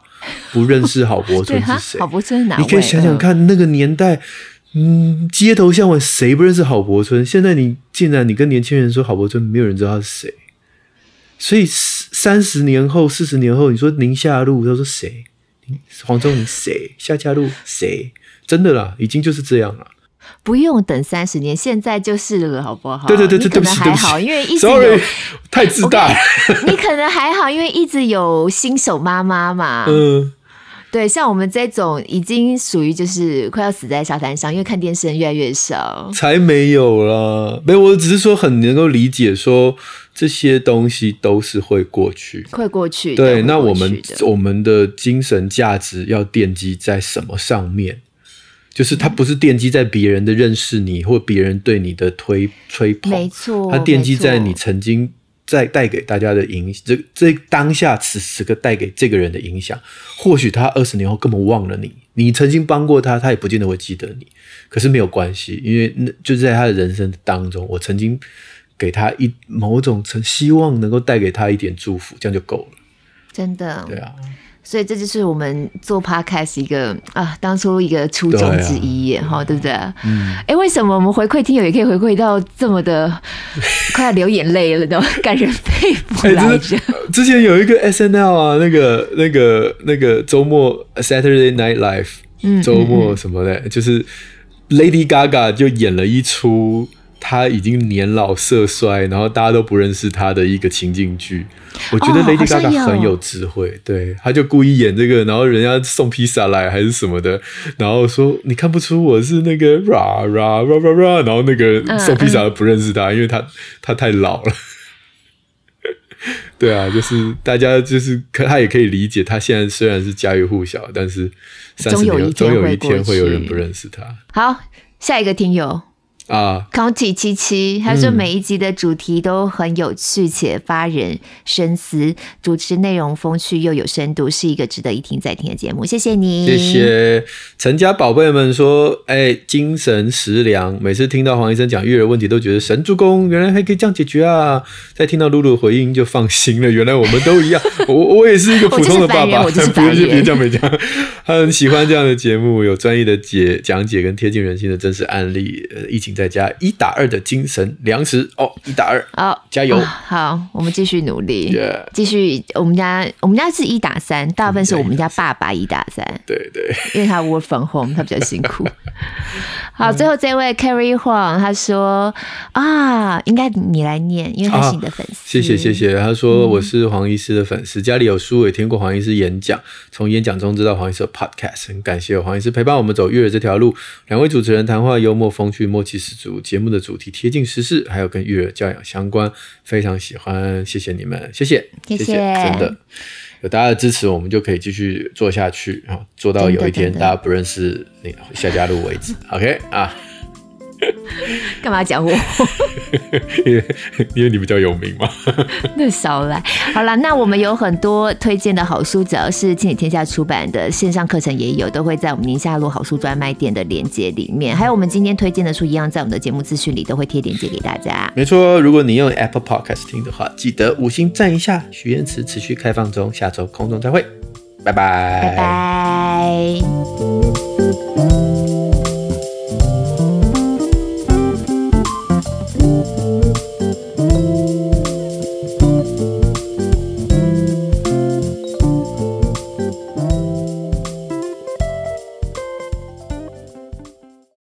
不認識郝柏村是誰？郝柏村哪位？你可以想想看，那個年代，嗯，街頭巷尾誰不認識郝柏村？現在你竟然你跟年輕人說郝柏村，沒有人知道他是誰。所以三十年後、四十年後，你說寧夏璐，他說誰？黃瑽寧誰？夏嘉璐誰？真的啦，已經就是這樣了。不用等三十年，現在就是了，好不好？對對對對對對，你可能還好，因為一直 sorry 太自大。Okay, 你可能還好，因為一直有新手媽媽嘛。嗯，對，像我們這種已經屬於就是快要死在沙灘上，因為看電視人越來越少，才沒有啦。沒有，我只是說很能夠理解說，說這些東西都是會過去，會過去、過去。對，那我們我們的精神價值要奠基在什麼上面？就是他不是奠基在別人的認識你、嗯、或別人對你的推吹捧，沒錯，他奠基在你曾經在帶給大家的影響。這這當下此時刻帶給這個人的影響，或許他二十年後根本忘了你，你曾經幫過他，他也不見得會記得你。可是沒有關係，因為那就是在他的人生當中，我曾經給他一某種曾希望能夠帶給他一點祝福，這樣就夠了。真的，對啊。所以這就是我們做 podcast 一個啊，當初一個初衷之一，哈、啊，對不對？對，嗯，哎、欸，為什麼我們回饋聽友也可以回饋到這麼的，快要流眼淚了，都 感人肺腑來着、欸。之前有一個 SNL 啊，那個、那個、那個周末 Saturday Night Live 周、嗯、末什麼的、嗯嗯，就是 Lady Gaga 就演了一出。他已經年老色衰，然後大家都不認識他的一個情境劇。哦、我覺得 Lady Gaga 很有智慧、哦有，對，他就故意演這個，然後人家送披薩來還是什麼的，然後說你看不出我是那個 ra ra ra ra ra，然後那個、嗯、送披薩的不認識他，嗯、因為他他太老了。 對啊，就是大家就是可他也可以理解，他現在雖然是家喻戶曉，但是總有，有一天會有人不認識他。好，下一個聽友。啊、uh,，County 七七，他說每一集的主題都很有趣且發人深思，嗯、主持內容風趣又有深度，是一個值得一聽再聽的節目。謝謝你，謝謝陳家寶貝們說，哎、欸，精神食糧，每次聽到黃醫生講育兒問題都覺得神助攻，原來還可以這樣解決啊！再聽到露露回應就放心了，原來我們都一樣， 我我也是一個普通的爸爸，我就是別人，我就是白人，我就 他很喜歡這樣的節目，有專業的解講解跟貼近人心的真實案例，呃，疫情。再加一打二的精神糧食哦，一打二，好，oh, 加油，uh, 好，我們繼續努力，yeah. 繼續。我們家我們家是一打三，大部分是我們家爸爸一打三，對對，因為他 work from home，他比較辛苦。 好，最後這位 Carrie Huang，他說啊，應該你來念，因為他是你的粉絲，啊，謝謝謝謝。他說，我是黃醫師的粉絲，嗯，家裡有書，也聽過黃醫師演講，從演講中知道黃醫師有 podcast，很感謝黃醫師陪伴我們走育兒這條路。兩位主持人談話幽默風趣，默契。這組節目的主題貼近時事，還有跟育兒教養相關，非常喜歡，謝謝你們，謝謝，謝謝，謝謝真的有大家的支持，我們就可以繼續做下去，做到有一天大家不認識你夏嘉璐為止 ，OK 啊。幹 嘛講講我？ 因為因為你比較有名嘛。 那少來好了。那我們有很多推薦的好書，只要是親子天下出版的線上課程也有，都會在我們寧夏璐好書專賣店的連結裡面。還有我們今天推薦的書一樣，在我們的節目資訊裡都會貼連結給大家。沒錯，如果你用 Apple Podcast 聽的話，記得五星讚一下。許願池持續開放中，下周空中再會，拜拜，拜拜。